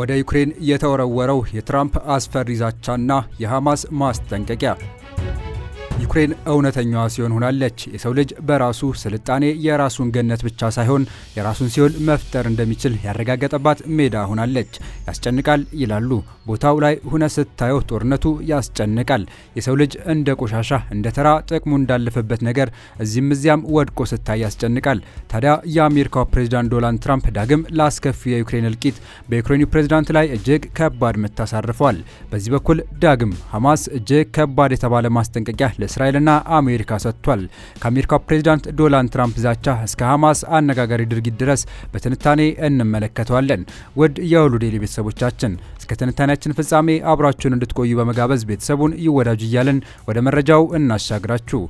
ወደ ዩክሬን የተወረወረው የትራምፕ አስፈሪ ዛቻና የሐማስ ማስጠንቀቂያ ዩክሬን እውነተኛዋ ሲሆን ሆናለች። የሰው ልጅ በራሱ ስልጣኔ የራሱን ገነት ብቻ ሳይሆን የራሱን ሲኦል መፍጠር እንደሚችል ያረጋገጠባት ሜዳ ሆናለች። ያስጨንቃል ይላሉ። ቦታው ላይ ሁነ ስታየው ጦርነቱ ያስጨንቃል። የሰው ልጅ እንደ ቆሻሻ፣ እንደ ተራ ጥቅሙ እንዳለፈበት ነገር እዚህም እዚያም ወድቆ ስታይ ያስጨንቃል። ታዲያ የአሜሪካው ፕሬዚዳንት ዶናልድ ትራምፕ ዳግም ላስከፊ የዩክሬን እልቂት በዩክሬኑ ፕሬዚዳንት ላይ እጅግ ከባድ ምት በዚህ በኩል ዳግም ሐማስ እጅግ ከባድ የተባለ ማስጠንቀቂያ እስራኤልና አሜሪካ ሰጥቷል። ከአሜሪካው ፕሬዚዳንት ዶናልድ ትራምፕ ዛቻ እስከ ሐማስ አነጋጋሪ ድርጊት ድረስ በትንታኔ እንመለከተዋለን። ውድ የሁሉ ዴይሊ ቤተሰቦቻችን እስከ ትንታኔያችን ፍጻሜ አብራችሁን እንድትቆዩ በመጋበዝ ቤተሰቡን ይወዳጁ እያልን ወደ መረጃው እናሻግራችሁ።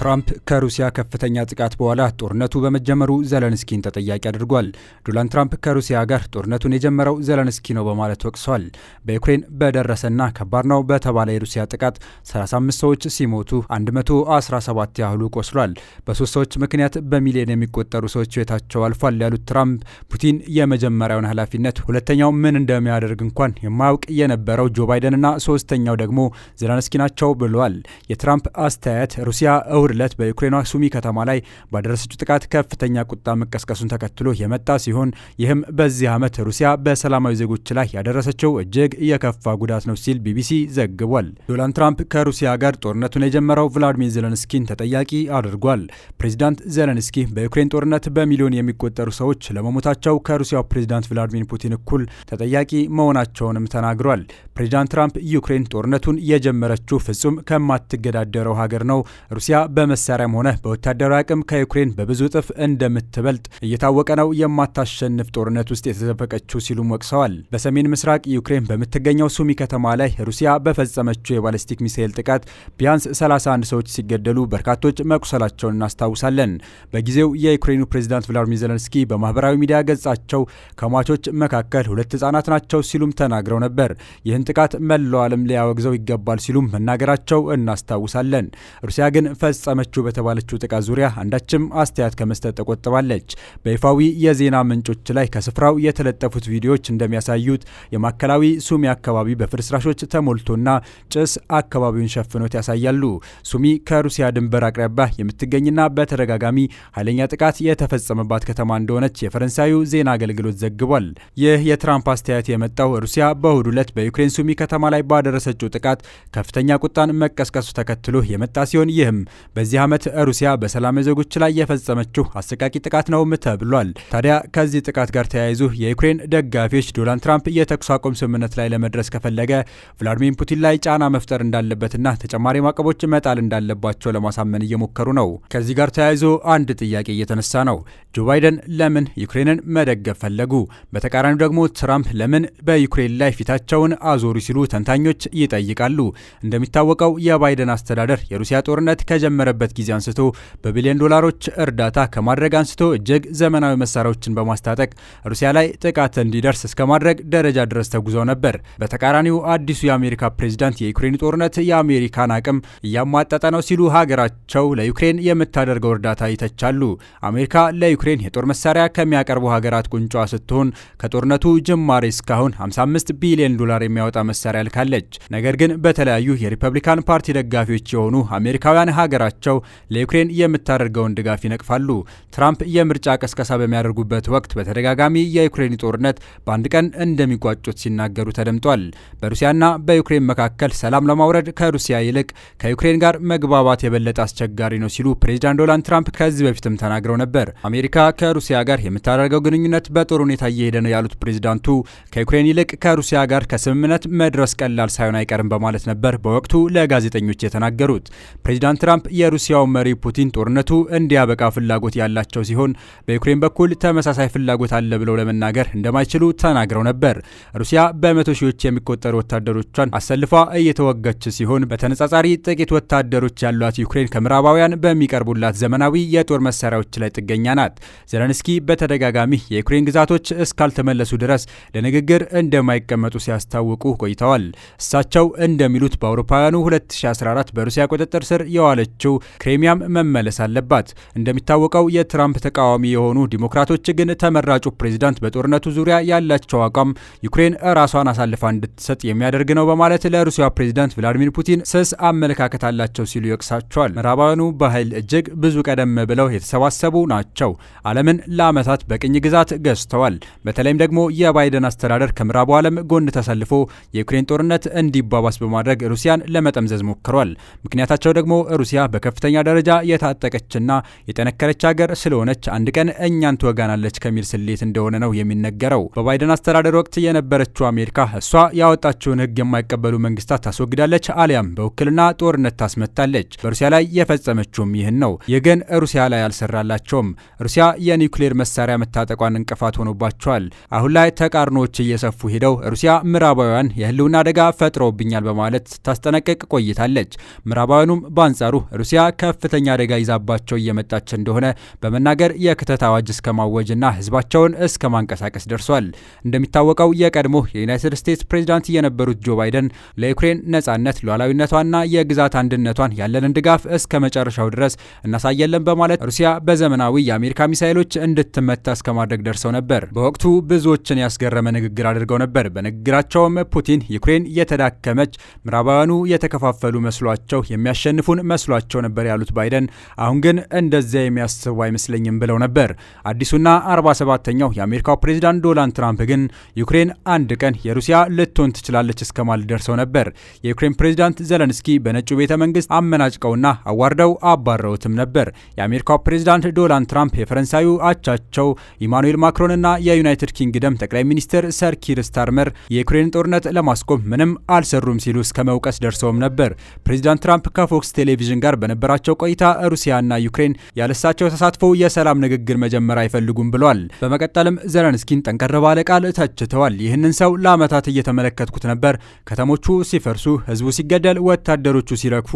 ትራምፕ ከሩሲያ ከፍተኛ ጥቃት በኋላ ጦርነቱ በመጀመሩ ዘለንስኪን ተጠያቂ አድርጓል። ዶናልድ ትራምፕ ከሩሲያ ጋር ጦርነቱን የጀመረው ዘለንስኪ ነው በማለት ወቅሰዋል። በዩክሬን በደረሰና ከባድ ነው በተባለ የሩሲያ ጥቃት 35 ሰዎች ሲሞቱ 117 ያህሉ ቆስሏል። በሶስት ሰዎች ምክንያት በሚሊዮን የሚቆጠሩ ሰዎች ቤታቸው አልፏል ያሉት ትራምፕ ፑቲን የመጀመሪያውን ኃላፊነት፣ ሁለተኛው ምን እንደሚያደርግ እንኳን የማያውቅ የነበረው ጆ ባይደንና ሶስተኛው ደግሞ ዘለንስኪ ናቸው ብለዋል። የትራምፕ አስተያየት ሩሲያ እሁድ እሁድ ዕለት በዩክሬኗ ሱሚ ከተማ ላይ ባደረሰችው ጥቃት ከፍተኛ ቁጣ መቀስቀሱን ተከትሎ የመጣ ሲሆን ይህም በዚህ ዓመት ሩሲያ በሰላማዊ ዜጎች ላይ ያደረሰችው እጅግ የከፋ ጉዳት ነው ሲል ቢቢሲ ዘግቧል። ዶናልድ ትራምፕ ከሩሲያ ጋር ጦርነቱን የጀመረው ቭላዲሚር ዜለንስኪን ተጠያቂ አድርጓል። ፕሬዚዳንት ዜለንስኪ በዩክሬን ጦርነት በሚሊዮን የሚቆጠሩ ሰዎች ለመሞታቸው ከሩሲያው ፕሬዚዳንት ቭላዲሚር ፑቲን እኩል ተጠያቂ መሆናቸውንም ተናግሯል። ፕሬዚዳንት ትራምፕ ዩክሬን ጦርነቱን የጀመረችው ፍጹም ከማትገዳደረው ሀገር ነው ሩሲያ በመሳሪያም ሆነ በወታደራዊ አቅም ከዩክሬን በብዙ እጥፍ እንደምትበልጥ እየታወቀ ነው። የማታሸንፍ ጦርነት ውስጥ የተዘፈቀችው ሲሉም ወቅሰዋል። በሰሜን ምስራቅ ዩክሬን በምትገኘው ሱሚ ከተማ ላይ ሩሲያ በፈጸመችው የባለስቲክ ሚሳኤል ጥቃት ቢያንስ 31 ሰዎች ሲገደሉ በርካቶች መቁሰላቸውን እናስታውሳለን። በጊዜው የዩክሬኑ ፕሬዚዳንት ቭላዲሚር ዜለንስኪ በማህበራዊ ሚዲያ ገጻቸው ከሟቾች መካከል ሁለት ህጻናት ናቸው ሲሉም ተናግረው ነበር። ይህን ጥቃት መላው ዓለም ሊያወግዘው ይገባል ሲሉም መናገራቸው እናስታውሳለን። ሩሲያ ግን ፈጸ ፈጸመችው በተባለችው ጥቃት ዙሪያ አንዳችም አስተያየት ከመስጠት ተቆጥባለች። በይፋዊ የዜና ምንጮች ላይ ከስፍራው የተለጠፉት ቪዲዮዎች እንደሚያሳዩት የማዕከላዊ ሱሚ አካባቢ በፍርስራሾች ተሞልቶና ጭስ አካባቢውን ሸፍኖት ያሳያሉ። ሱሚ ከሩሲያ ድንበር አቅራቢያ የምትገኝና በተደጋጋሚ ኃይለኛ ጥቃት የተፈጸመባት ከተማ እንደሆነች የፈረንሳዩ ዜና አገልግሎት ዘግቧል። ይህ የትራምፕ አስተያየት የመጣው ሩሲያ በእሁድ ዕለት በዩክሬን ሱሚ ከተማ ላይ ባደረሰችው ጥቃት ከፍተኛ ቁጣን መቀስቀሱ ተከትሎ የመጣ ሲሆን ይህም በዚህ ዓመት ሩሲያ በሰላማዊ ዜጎች ላይ የፈጸመችው አሰቃቂ ጥቃት ነውም ተብሏል። ታዲያ ከዚህ ጥቃት ጋር ተያይዞ የዩክሬን ደጋፊዎች ዶናልድ ትራምፕ የተኩስ አቁም ስምምነት ላይ ለመድረስ ከፈለገ ቭላድሚር ፑቲን ላይ ጫና መፍጠር እንዳለበትና ተጨማሪ ማዕቀቦች መጣል እንዳለባቸው ለማሳመን እየሞከሩ ነው። ከዚህ ጋር ተያይዞ አንድ ጥያቄ እየተነሳ ነው። ጆ ባይደን ለምን ዩክሬንን መደገፍ ፈለጉ? በተቃራኒው ደግሞ ትራምፕ ለምን በዩክሬን ላይ ፊታቸውን አዞሩ? ሲሉ ተንታኞች ይጠይቃሉ። እንደሚታወቀው የባይደን አስተዳደር የሩሲያ ጦርነት ከጀመረ ከጀመረበት ጊዜ አንስቶ በቢሊዮን ዶላሮች እርዳታ ከማድረግ አንስቶ እጅግ ዘመናዊ መሳሪያዎችን በማስታጠቅ ሩሲያ ላይ ጥቃት እንዲደርስ እስከ ማድረግ ደረጃ ድረስ ተጉዘው ነበር። በተቃራኒው አዲሱ የአሜሪካ ፕሬዚዳንት የዩክሬን ጦርነት የአሜሪካን አቅም እያሟጠጠ ነው ሲሉ ሀገራቸው ለዩክሬን የምታደርገው እርዳታ ይተቻሉ። አሜሪካ ለዩክሬን የጦር መሳሪያ ከሚያቀርቡ ሀገራት ቁንጫ ስትሆን ከጦርነቱ ጅማሬ እስካሁን 55 ቢሊዮን ዶላር የሚያወጣ መሳሪያ ልካለች። ነገር ግን በተለያዩ የሪፐብሊካን ፓርቲ ደጋፊዎች የሆኑ አሜሪካውያን ሀገራ ሀገራቸው ለዩክሬን የምታደርገውን ድጋፍ ይነቅፋሉ። ትራምፕ የምርጫ ቀስቀሳ በሚያደርጉበት ወቅት በተደጋጋሚ የዩክሬን ጦርነት በአንድ ቀን እንደሚቋጩት ሲናገሩ ተደምጧል። በሩሲያና በዩክሬን መካከል ሰላም ለማውረድ ከሩሲያ ይልቅ ከዩክሬን ጋር መግባባት የበለጠ አስቸጋሪ ነው ሲሉ ፕሬዚዳንት ዶናልድ ትራምፕ ከዚህ በፊትም ተናግረው ነበር። አሜሪካ ከሩሲያ ጋር የምታደርገው ግንኙነት በጦር ሁኔታ እየሄደ ነው ያሉት ፕሬዚዳንቱ ከዩክሬን ይልቅ ከሩሲያ ጋር ከስምምነት መድረስ ቀላል ሳይሆን አይቀርም በማለት ነበር በወቅቱ ለጋዜጠኞች የተናገሩት። ፕሬዚዳንት ትራምፕ የሩሲያው መሪ ፑቲን ጦርነቱ እንዲያበቃ ፍላጎት ያላቸው ሲሆን በዩክሬን በኩል ተመሳሳይ ፍላጎት አለ ብለው ለመናገር እንደማይችሉ ተናግረው ነበር። ሩሲያ በመቶ ሺዎች የሚቆጠሩ ወታደሮቿን አሰልፋ እየተወገች ሲሆን በተነጻጻሪ ጥቂት ወታደሮች ያሏት ዩክሬን ከምዕራባውያን በሚቀርቡላት ዘመናዊ የጦር መሳሪያዎች ላይ ጥገኛ ናት። ዘለንስኪ በተደጋጋሚ የዩክሬን ግዛቶች እስካልተመለሱ ድረስ ለንግግር እንደማይቀመጡ ሲያስታውቁ ቆይተዋል። እሳቸው እንደሚሉት በአውሮፓውያኑ 2014 በሩሲያ ቁጥጥር ስር የዋለችው የነበረችው ክሬሚያም መመለስ አለባት። እንደሚታወቀው የትራምፕ ተቃዋሚ የሆኑ ዲሞክራቶች ግን ተመራጩ ፕሬዚዳንት በጦርነቱ ዙሪያ ያላቸው አቋም ዩክሬን ራሷን አሳልፋ እንድትሰጥ የሚያደርግ ነው በማለት ለሩሲያ ፕሬዚዳንት ቭላዲሚር ፑቲን ስስ አመለካከት አላቸው ሲሉ ይወቅሳቸዋል። ምዕራባውያኑ በኃይል እጅግ ብዙ ቀደም ብለው የተሰባሰቡ ናቸው። ዓለምን ለዓመታት በቅኝ ግዛት ገዝተዋል። በተለይም ደግሞ የባይደን አስተዳደር ከምዕራቡ ዓለም ጎን ተሰልፎ የዩክሬን ጦርነት እንዲባባስ በማድረግ ሩሲያን ለመጠምዘዝ ሞክሯል። ምክንያታቸው ደግሞ ሩሲያ በ በከፍተኛ ደረጃ የታጠቀችና የጠነከረች ሀገር ስለሆነች አንድ ቀን እኛን ትወጋናለች ከሚል ስሌት እንደሆነ ነው የሚነገረው። በባይደን አስተዳደር ወቅት የነበረችው አሜሪካ እሷ ያወጣችውን ህግ የማይቀበሉ መንግስታት ታስወግዳለች፣ አሊያም በውክልና ጦርነት ታስመታለች። በሩሲያ ላይ የፈጸመችውም ይህን ነው። ይህ ግን ሩሲያ ላይ አልሰራላቸውም። ሩሲያ የኒውክሌር መሳሪያ መታጠቋን እንቅፋት ሆኖባቸዋል። አሁን ላይ ተቃርኖዎች እየሰፉ ሄደው ሩሲያ ምዕራባውያን የህልውና አደጋ ፈጥረውብኛል በማለት ታስጠነቅቅ ቆይታለች። ምዕራባውያኑም በአንጻሩ ሩሲያ ከፍተኛ አደጋ ይዛባቸው እየመጣች እንደሆነ በመናገር የክተት አዋጅ እስከ ማወጅና ህዝባቸውን እስከ ማንቀሳቀስ ደርሷል። እንደሚታወቀው የቀድሞ የዩናይትድ ስቴትስ ፕሬዚዳንት የነበሩት ጆ ባይደን ለዩክሬን ነጻነት ሉዓላዊነቷንና የግዛት አንድነቷን ያለንን ድጋፍ እስከ መጨረሻው ድረስ እናሳየለን በማለት ሩሲያ በዘመናዊ የአሜሪካ ሚሳይሎች እንድትመታ እስከ ማድረግ ደርሰው ነበር። በወቅቱ ብዙዎችን ያስገረመ ንግግር አድርገው ነበር። በንግግራቸውም ፑቲን ዩክሬን የተዳከመች ምዕራባውያኑ የተከፋፈሉ መስሏቸው የሚያሸንፉን መስሏቸው አስበናቸው ነበር ያሉት ባይደን አሁን ግን እንደዚያ የሚያስቡ አይመስለኝም ብለው ነበር። አዲሱና 47ተኛው የአሜሪካው ፕሬዚዳንት ዶናልድ ትራምፕ ግን ዩክሬን አንድ ቀን የሩሲያ ልትሆን ትችላለች እስከ ማለት ደርሰው ነበር። የዩክሬን ፕሬዚዳንት ዘለንስኪ በነጩ ቤተ መንግስት አመናጭቀውና አዋርደው አባረውትም ነበር። የአሜሪካው ፕሬዚዳንት ዶናልድ ትራምፕ የፈረንሳዩ አቻቸው ኢማኑኤል ማክሮንና የዩናይትድ ኪንግደም ጠቅላይ ሚኒስትር ሰር ኪር ስታርመር የዩክሬን ጦርነት ለማስቆም ምንም አልሰሩም ሲሉ እስከ መውቀስ ደርሰውም ነበር። ፕሬዚዳንት ትራምፕ ከፎክስ ቴሌቪዥን ጋር በነበራቸው ቆይታ ሩሲያና ዩክሬን ያለሳቸው ተሳትፎ የሰላም ንግግር መጀመር አይፈልጉም ብለዋል። በመቀጠልም ዘለንስኪን ጠንከር ባለ ቃል ተችተዋል። ይህንን ሰው ለዓመታት እየተመለከትኩት ነበር። ከተሞቹ ሲፈርሱ፣ ህዝቡ ሲገደል፣ ወታደሮቹ ሲረግፉ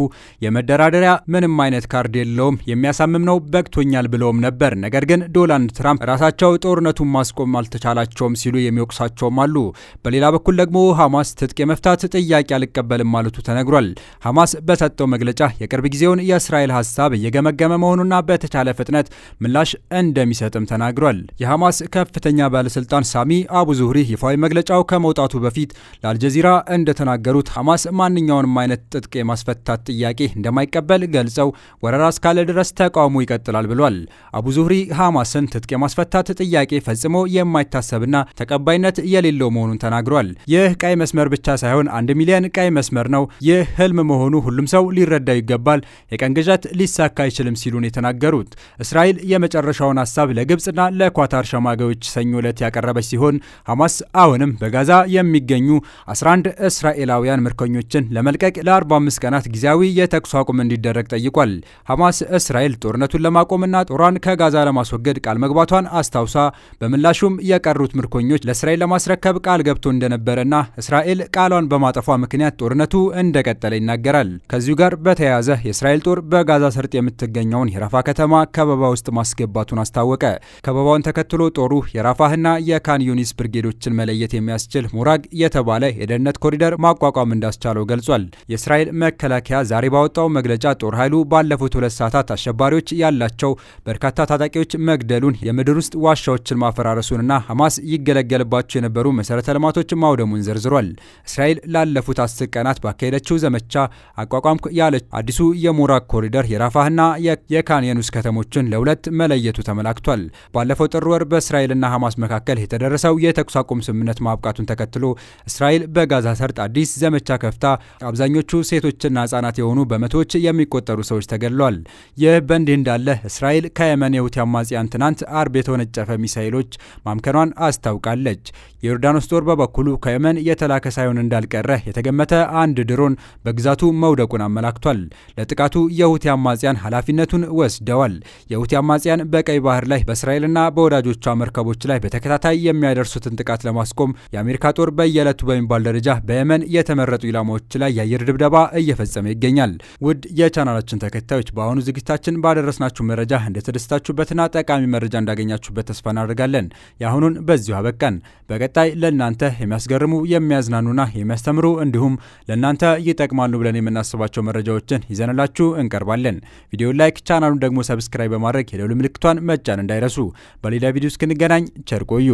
የመደራደሪያ ምንም አይነት ካርድ የለውም። የሚያሳምም ነው። በቅቶኛል ብለውም ነበር። ነገር ግን ዶናልድ ትራምፕ ራሳቸው ጦርነቱን ማስቆም አልተቻላቸውም ሲሉ የሚወቅሳቸውም አሉ። በሌላ በኩል ደግሞ ሐማስ ትጥቅ የመፍታት ጥያቄ አልቀበልም ማለቱ ተነግሯል። ሐማስ በሰጠው መግለጫ የቅርብ ጊዜውን የእስራኤል ሀሳብ እየገመገመ መሆኑና በተቻለ ፍጥነት ምላሽ እንደሚሰጥም ተናግሯል። የሐማስ ከፍተኛ ባለስልጣን ሳሚ አቡ ዙህሪ ይፋዊ መግለጫው ከመውጣቱ በፊት ለአልጀዚራ እንደተናገሩት ሐማስ ማንኛውንም አይነት ትጥቅ የማስፈታት ጥያቄ እንደማይቀበል ገልጸው ወረራ እስካለ ድረስ ተቃውሞ ይቀጥላል ብሏል። አቡ ዙህሪ ሐማስን ትጥቅ የማስፈታት ጥያቄ ፈጽሞ የማይታሰብና ተቀባይነት የሌለው መሆኑን ተናግሯል። ይህ ቀይ መስመር ብቻ ሳይሆን አንድ ሚሊዮን ቀይ መስመር ነው። ይህ ህልም መሆኑ ሁሉም ሰው ሊረዳው ይገባል። የቀን ግዣት ሊሳካ አይችልም ሲሉ ነው የተናገሩት። እስራኤል የመጨረሻውን ሀሳብ ለግብፅና ለኳታር ሸማጋዮች ሰኞ ዕለት ያቀረበች ሲሆን ሐማስ አሁንም በጋዛ የሚገኙ 11 እስራኤላውያን ምርኮኞችን ለመልቀቅ ለ45 ቀናት ጊዜያዊ የተኩስ አቁም እንዲደረግ ጠይቋል። ሐማስ እስራኤል ጦርነቱን ለማቆምና ጦሯን ከጋዛ ለማስወገድ ቃል መግባቷን አስታውሳ በምላሹም የቀሩት ምርኮኞች ለእስራኤል ለማስረከብ ቃል ገብቶ እንደነበረና እስራኤል ቃሏን በማጠፏ ምክንያት ጦርነቱ እንደቀጠለ ይናገራል። ከዚሁ ጋር በተያያዘ የእስራኤል የእስራኤል ጦር በጋዛ ሰርጥ የምትገኘውን የራፋ ከተማ ከበባ ውስጥ ማስገባቱን አስታወቀ። ከበባውን ተከትሎ ጦሩ የራፋህና የካን ዩኒስ ብርጌዶችን መለየት የሚያስችል ሙራግ የተባለ የደህንነት ኮሪደር ማቋቋም እንዳስቻለው ገልጿል። የእስራኤል መከላከያ ዛሬ ባወጣው መግለጫ ጦር ኃይሉ ባለፉት ሁለት ሰዓታት አሸባሪዎች ያላቸው በርካታ ታጣቂዎች መግደሉን፣ የምድር ውስጥ ዋሻዎችን ማፈራረሱንና ሐማስ ይገለገልባቸው የነበሩ መሠረተ ልማቶች ማውደሙን ዘርዝሯል። እስራኤል ላለፉት አስር ቀናት ባካሄደችው ዘመቻ አቋቋም ያለ አዲሱ የሞ የሙራክ ኮሪደር የራፋህና የካን ዩኒስ ከተሞችን ለሁለት መለየቱ ተመላክቷል። ባለፈው ጥር ወር በእስራኤልና ሐማስ መካከል የተደረሰው የተኩስ አቁም ስምምነት ማብቃቱን ተከትሎ እስራኤል በጋዛ ሰርጥ አዲስ ዘመቻ ከፍታ አብዛኞቹ ሴቶችና ህጻናት የሆኑ በመቶዎች የሚቆጠሩ ሰዎች ተገድለዋል። ይህ በእንዲህ እንዳለ እስራኤል ከየመን የሁቲ አማጽያን ትናንት አርብ የተወነጨፈ ሚሳይሎች ማምከኗን አስታውቃለች። የዮርዳኖስ ጦር በበኩሉ ከየመን የተላከ ሳይሆን እንዳልቀረ የተገመተ አንድ ድሮን በግዛቱ መውደቁን አመላክቷል። ለጥቃቱ ጥቃቱ የሁቲ አማጽያን ኃላፊነቱን ወስደዋል። የሁቲ አማጽያን በቀይ ባህር ላይ በእስራኤልና በወዳጆቿ መርከቦች ላይ በተከታታይ የሚያደርሱትን ጥቃት ለማስቆም የአሜሪካ ጦር በየዕለቱ በሚባል ደረጃ በየመን የተመረጡ ኢላማዎች ላይ የአየር ድብደባ እየፈጸመ ይገኛል። ውድ የቻናላችን ተከታዮች በአሁኑ ዝግጅታችን ባደረስናችሁ መረጃ እንደተደስታችሁበትና ጠቃሚ መረጃ እንዳገኛችሁበት ተስፋ እናደርጋለን። የአሁኑን በዚሁ አበቃን። በቀጣይ ለእናንተ የሚያስገርሙ የሚያዝናኑና የሚያስተምሩ እንዲሁም ለእናንተ ይጠቅማሉ ብለን የምናስባቸው መረጃዎችን ይዘንላችሁ ይዘንላችሁ እንቀርባለን። ቪዲዮ ላይክ፣ ቻናሉን ደግሞ ሰብስክራይብ በማድረግ የደውል ምልክቷን መጫን እንዳይረሱ። በሌላ ቪዲዮ እስክንገናኝ ቸር ቆዩ።